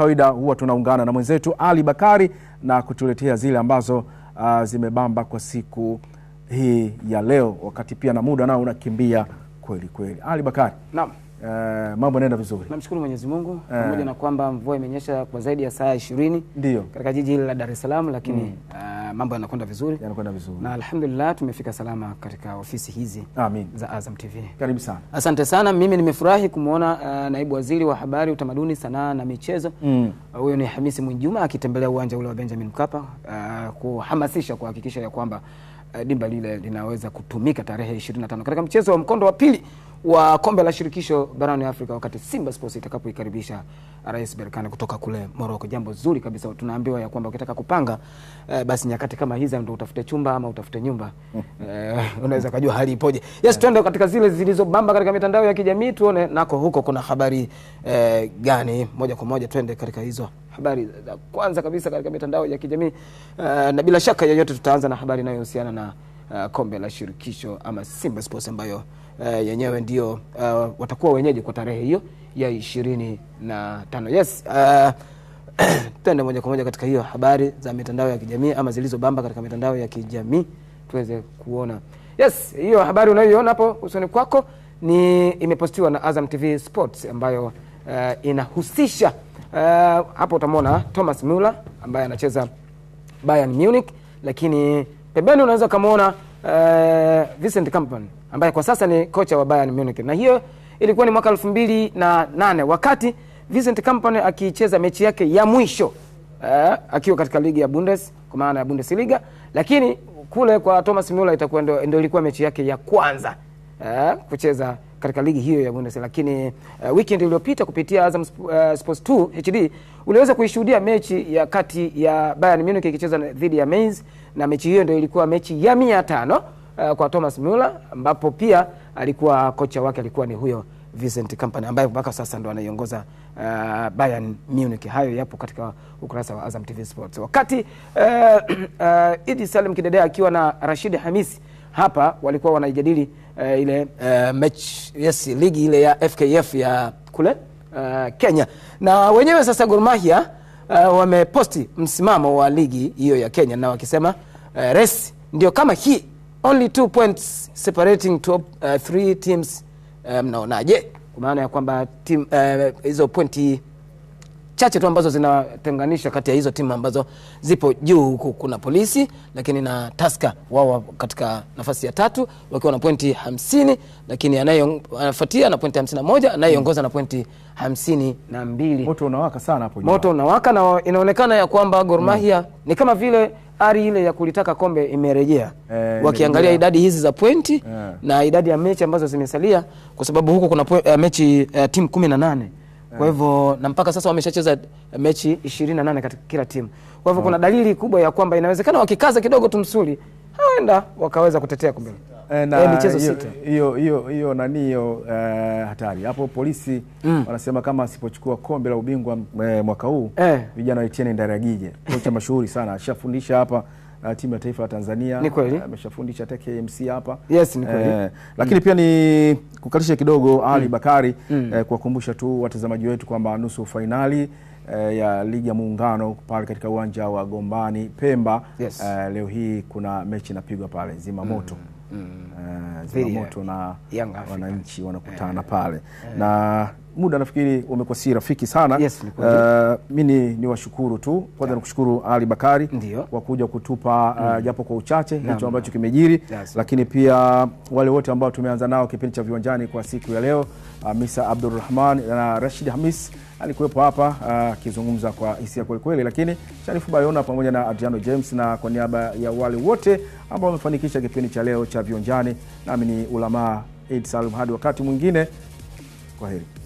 kawaida huwa tunaungana na mwenzetu Ali Bakari na kutuletea zile ambazo uh, zimebamba kwa siku hii ya leo, wakati pia na muda nao unakimbia kweli kweli. Ali Bakari, naam. Uh, mambo yanaenda vizuri, namshukuru Mwenyezi Mungu eh. pamoja uh, na kwamba mvua imenyesha kwa zaidi ya saa ishirini ndio katika jiji hili la Dar es Salaam, lakini mm. uh, mambo yanakwenda vizuri, yanakwenda vizuri na alhamdulillah tumefika salama katika ofisi hizi Amin. za Azam TV. Karibu sana, asante sana. Mimi nimefurahi kumwona uh, naibu waziri wa habari, utamaduni, sanaa na michezo mm. huyo, mm. ni Hamisi Mwinjuma akitembelea uwanja ule wa Benjamin Mkapa uh, kuhamasisha kuhakikisha ya kwamba uh, dimba lile linaweza kutumika tarehe 25 katika mchezo wa mkondo wa pili wa kombe la shirikisho barani Afrika wakati Simba Sports itakapoikaribisha RS Berkane kutoka kule Morocco. Jambo zuri kabisa, tunaambiwa ya kwamba ukitaka kupanga eh, basi nyakati kama hizi ndio utafute chumba ama utafute nyumba eh, unaweza kujua hali ipoje. Yes, twende katika zile zilizobamba katika mitandao ya kijamii tuone nako huko kuna habari eh, gani. Moja kwa moja twende katika hizo habari za kwanza kabisa katika mitandao ya kijamii eh, na bila shaka yoyote tutaanza na habari inayohusiana na uh, kombe la shirikisho ama Simba Sports ambayo uh, yenyewe ndio uh, watakuwa wenyeji kwa tarehe hiyo ya ishirini na tano. Yes, uh, eh, tuende moja kwa moja katika hiyo habari za mitandao ya kijamii ama zilizobamba katika mitandao ya kijamii tuweze kuona. Yes, hiyo habari unayoiona hapo usoni kwako ni imepostiwa na Azam TV Sports ambayo uh, inahusisha uh, hapo utamwona Thomas Muller ambaye anacheza Bayern Munich, lakini pembeni unaweza ukamwona uh, Vincent Kompany ambaye kwa sasa ni kocha wa Bayern Munich, na hiyo ilikuwa ni mwaka elfu na nane wakati Vincent Kompany akicheza mechi yake ya mwisho uh, akiwa katika ligi ya Bundes kwa maana ya Bundesliga, lakini kule kwa Thomas Muller itakuwa ndio ilikuwa mechi yake ya kwanza uh, kucheza katika ligi hiyo ya Bundesliga. Lakini uh, weekend iliyopita kupitia Azam eh, Sports uh, 2 HD uliweza kuishuhudia mechi ya kati ya Bayern Munich ikicheza dhidi ya Mainz, na mechi hiyo ndio ilikuwa mechi ya mia tano uh, kwa Thomas Muller, ambapo pia alikuwa kocha wake alikuwa ni huyo Vincent Kompany ambaye mpaka sasa ndo anaiongoza uh, Bayern Munich. Hayo yapo katika ukurasa wa Azam TV Sports. Wakati uh, uh, Idi Salim Kidede akiwa na Rashid Hamisi hapa walikuwa wanaijadili uh, ile uh, eh, mechi yes, ligi ile ya FKF ya kule uh, Kenya, na wenyewe sasa Gor Mahia uh, wameposti msimamo wa ligi hiyo ya Kenya na wakisema uh, race ndio kama hii, only two points separating top uh, three teams. Mnaonaje? Um, kwa maana ya kwamba hizo uh, pointi chache tu ambazo zinatenganisha kati ya hizo timu ambazo zipo juu huku. Kuna polisi lakini na Taska, wao katika nafasi ya tatu wakiwa na pointi hamsini, lakini anayefuatia na pointi hamsini na moja anayeongoza na pointi hamsini na mbili. Moto unawaka sana hapo, moto unawaka na inaonekana ya kwamba Gor Mahia mm. ni kama vile ari ile ya kulitaka kombe imerejea eh, wakiangalia idadi hizi za pointi yeah. na idadi ya mechi ambazo zimesalia, kwa sababu huku kuna eh, mechi uh, timu kumi na nane kwa hivyo na mpaka sasa wameshacheza mechi 28 katika kila timu. Kwa hivyo kuna dalili kubwa ya kwamba inawezekana wakikaza kidogo tu msuli wakaweza kutetea kombe. Eh, na eh, michezo sita. Hiyo hiyo hiyo nani hiyo eh, hatari. Hapo polisi mm. wanasema kama asipochukua kombe la ubingwa mwaka huu vijana waitieni Ndaragije. Kocha mashuhuri sana, ashafundisha hapa uh, timu ya taifa ya Tanzania. Eh, ameshafundisha uh, KMC hapa. Yes, Uh, lakini mm. pia ni kukalisha kidogo Ali mm. Bakari mm. uh, kuwakumbusha tu watazamaji wetu kwamba nusu fainali uh, ya ligi ya muungano pale katika uwanja wa Gombani Pemba. Yes. Uh, leo hii kuna mechi inapigwa pale Zimamoto mm. Mm. Uh, Zimamoto na Wananchi wanakutana pale na muda nafikiri umekuwa si rafiki sana yes, uh, mi ni washukuru tu kwanza nikushukuru Ali Bakari kwa kuja kutupa uh, mm. japo kwa uchache hicho ambacho kimejiri yes. Lakini pia wale wote ambao tumeanza nao kipindi cha viwanjani kwa siku ya leo uh, Misa Abdulrahman na Rashid Hamis alikuwepo hapa uh, akizungumza uh, kwa hisia kwelikweli, lakini Sharifu Bayona pamoja na Adriano James, na kwa niaba ya wale wote ambao wamefanikisha kipindi cha leo cha viwanjani, nami ni ulamaa Eid Salum. Hadi wakati mwingine, kwa heri.